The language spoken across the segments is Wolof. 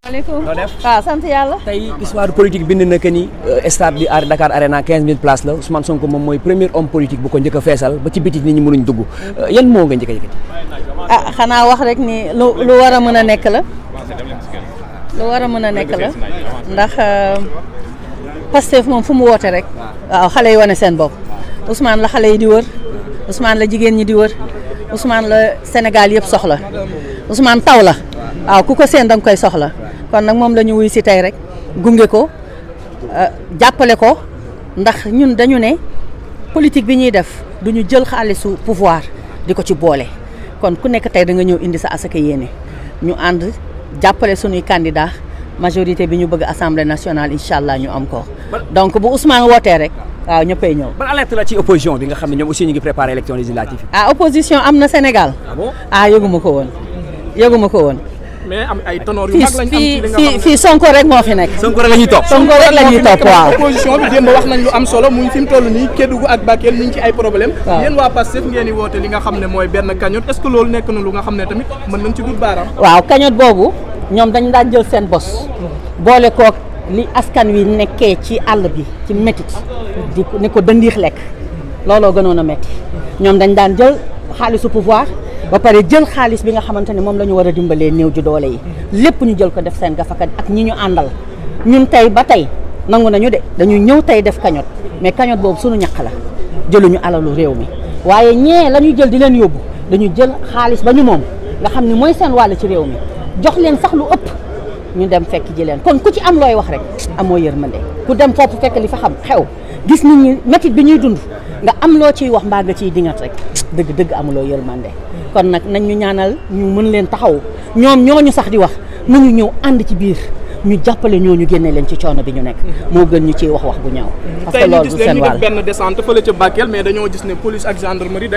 maaleykum waaw ah, sant yàlla. tey histoire politique bind na que ni euh, stade bi Dakar Arena 15000 places la Ousmane Sonko moom mooy premier homme politique bu ko njëkk a feesal ba ci biti nit ñi mënuñ dugg euh, yan moo nga njëkk a yëkkati. ah xanaa wax rek nii lu lu war a mën a nekk la. lu war a mën a nekk la ndax euh, Pastef moom fu mu woote rek. waaw xale yi wane seen bopp Ousmane la xale yi di wër Ousmane la jigéen ñi di wër. Ousmane la Sénégal yëpp soxla Ousmane taw la waaw ku ko seen da nga koy soxla kon nag moom la ñu wuy si tey rek gunge ko euh, jàppale ko ndax ñun dañu ne politique bi ñuy def du ñu jël xaalisu pouvoir di ko ci boole kon ku nekk tey da nga ñëw indi sa asaka yéene ñu ànd jàppale suñuy candidat majorité bi ñu bëgg assemblée nationale incha allah ñu am ko donc bu Ousmane wootee rek. waaw ñëppay ñëw. ban alerte la ci opposition bi nga xam ne ñoom aussi ñu ngi préparé élection législative ah, ah ah, ko woon yëguma ko woon. mais am ay tenor yu nekk. Sonko rek la la ñuy topp waaw. am solo mu toll nii Kédougou ak Bakel mooy benn cagnotte est que loolu nekk na lu nga xam ne tamit mën nañ ci dut baaraam. waaw cagnotte boobu ñoom dañ daan jël seen bos mm-hmm. boole kook li askan wi nekkee ci àll bi ci métit di ne ko dëndiix lekk looloo gënoon a métti ñoom dañ daan jël xaalisu pouvoir ba pare jël xaalis bi nga xamante ne moom la ñu war a dimbalee néew ju doole yi lépp ñu jël ko def seen gafaka ak ñi ñu àndal ñun tey ba tey nangu nañu de dañu ñëw tey def kañot mais kañot boobu suñu ñaq la jëluñu alalu réew mi waaye ñee la jël di leen yóbbu dañu jël xaalis ba ñu moom nga xam ne mooy seen wàll ci réew mi jox leen sax lu ëpp ñu dem fekk ji leen kon ku ci am looy wax rek amoo yërmande ku dem foofu fekk li fa xam xew gis nit ñi métit bi ñuy dund nga am loo ciy wax mbaa nga ciy dingat rek dëgg dëgg amuloo yërmande kon nag nañ ñu ñaanal ñu mën leen taxaw ñoom ñu sax di wax nañu ñëw ànd ci biir ñu jàppale ñooñu génne leen ci coono bi ñu nekk moo gën ñu ciy wax wax bu ñaaw parce que loolu du seen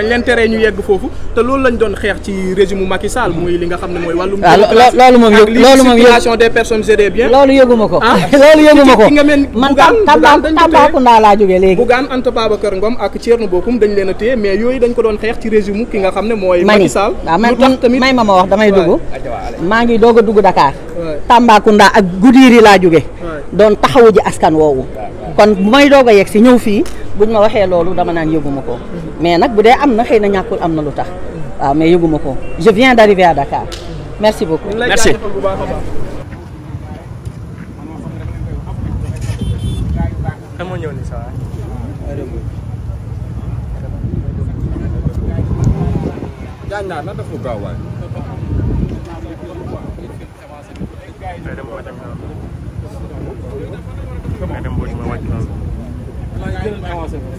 leen ñu ñu yegg foofu te loolu lañ doon xeex ci régime Macky Sall muy li nga xam ne mooy wàllum ah, loolu moom loolu moom circulation des personnes et des biens loolu yëguma ko ah, loolu laa jógee léegi Bougane Anta Babacar Ngom ak Thierno Bocoum dañ leen a téye mais yooyu dañ ko doon xeex ci régime ki nga xam ne mooy Macky Sall ah, may ma ma wax damay dugg maa ngi doog a dugg Dakar Tambacounda ak Goudiri laa jóge doon taxawu ji askan woowu kon bu may doog a yegg si ñëw fii buñ ma waxee loolu dama naan yëguma ko mm-hmm. mais nag bu dee am na xëy na ñàkkul am na lu tax mm-hmm. waaw mais yëguma ko je viens d'arriver à Dakar merci beaucoup merci gaañ naa na day dem wàcc ak daal day dem wàcc ma wàcc daal.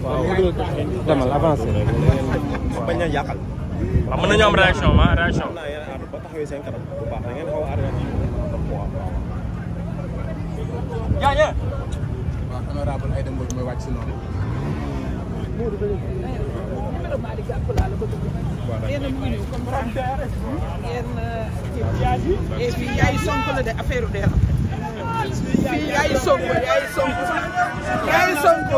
waaw demal avancé. waaw bañ na yàqal. waaw mën nañoo am réaction ma réaction. ba taxawee seen kanam bu baax da ngeen xaw a aar yaa yaa. waaw honorable ay dem mooy wàcc si noonu. kër Mali gàpp laa la bëgg a def. yéen a mu ngi ñëw comme ça. et puis yaay Sonko la de affaire deram. fii yaay Sonko yaay Sonko yaay Sonko.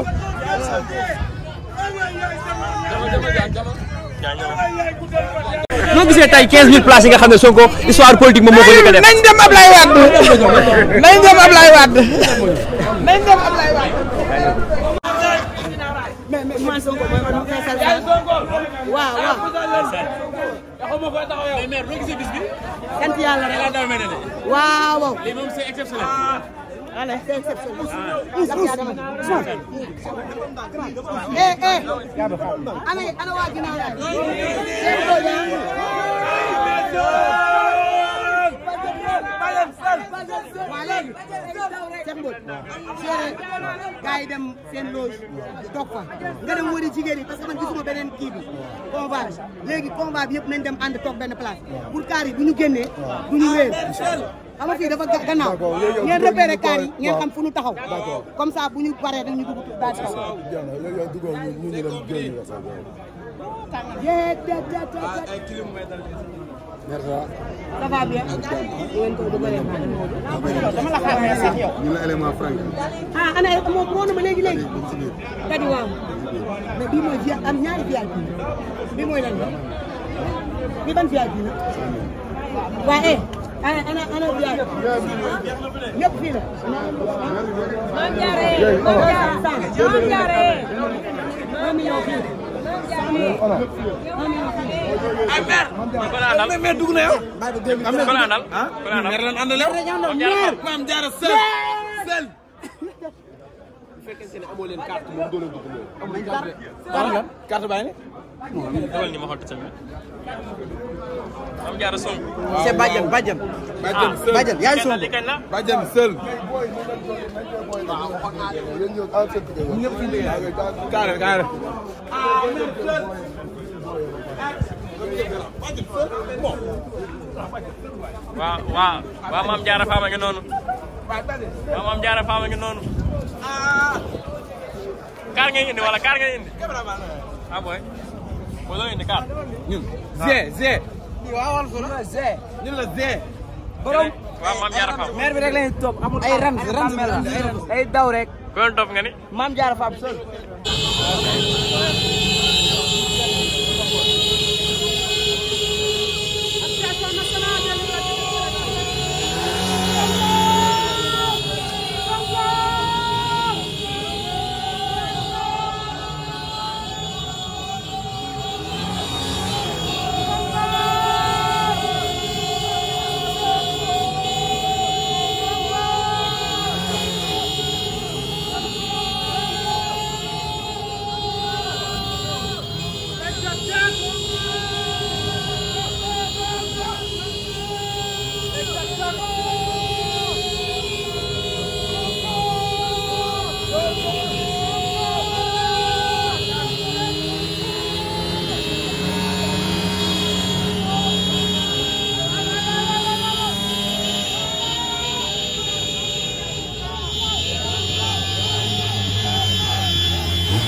noo gisee tey 15000 places yi nga xam ne Sonko histoire politique moom moo ko njëkk a def. nañ dem Ablaye Wade nañ dem Ablaye Wade nañ dem Ablaye Wade. sant yàlla rek waaw waaw. lii moom c'est exceptionnel. voilà c'est exceptionnel. eh eh. ana ana waa ginnaaw waa léegi Cheikh Mbodj seere gars yi dem seen loge toog fa nga dem wëri jigéen yi parce que man gisuma beneen kii bi convoi léegi convoi bi yëpp nañ dem ànd toog benn place pour kaar bu ñu génnee du ñu wéer xam nga fii dafa gannaaw ngeen repéré kaar yi ngeen xam fu ñu taxaw comme ça bu ñu paree dañu dugg daal di taxaw ñu ñu dem ça va bien. dama la xaar merci ak yow. ñu la élément franc. ah ana moom woon na ma léegi léegi. kadi waaw. mais bii mooy via am ñaari via bii bii mooy lan la. bii ban via bii la. waaw eh. ana ana ana via bii. ñëpp fii la. maam jaaree. maam jaaree. maam jaaree. 1 million fii. ay mer. mais mais dugg na yow. am na mer lan àndal yow. maam jaara sër. amoo leen carte moom doo leen dugg moom. amuñu carte de carte baa ngi ne. dawal ma xool tamit. am maam jaara faama ngi noonu. kaar ngay indi wala kaar ngay indi. ah booy. booy loo kaar. ñun. zee zee. waaw la zee. ñun zee. borom. waaw maam Diarra Fap. maire bi rek lañuy topp amul ay rams rams ay daw rek. ku doon nga ni. maam Diarra Fap sol.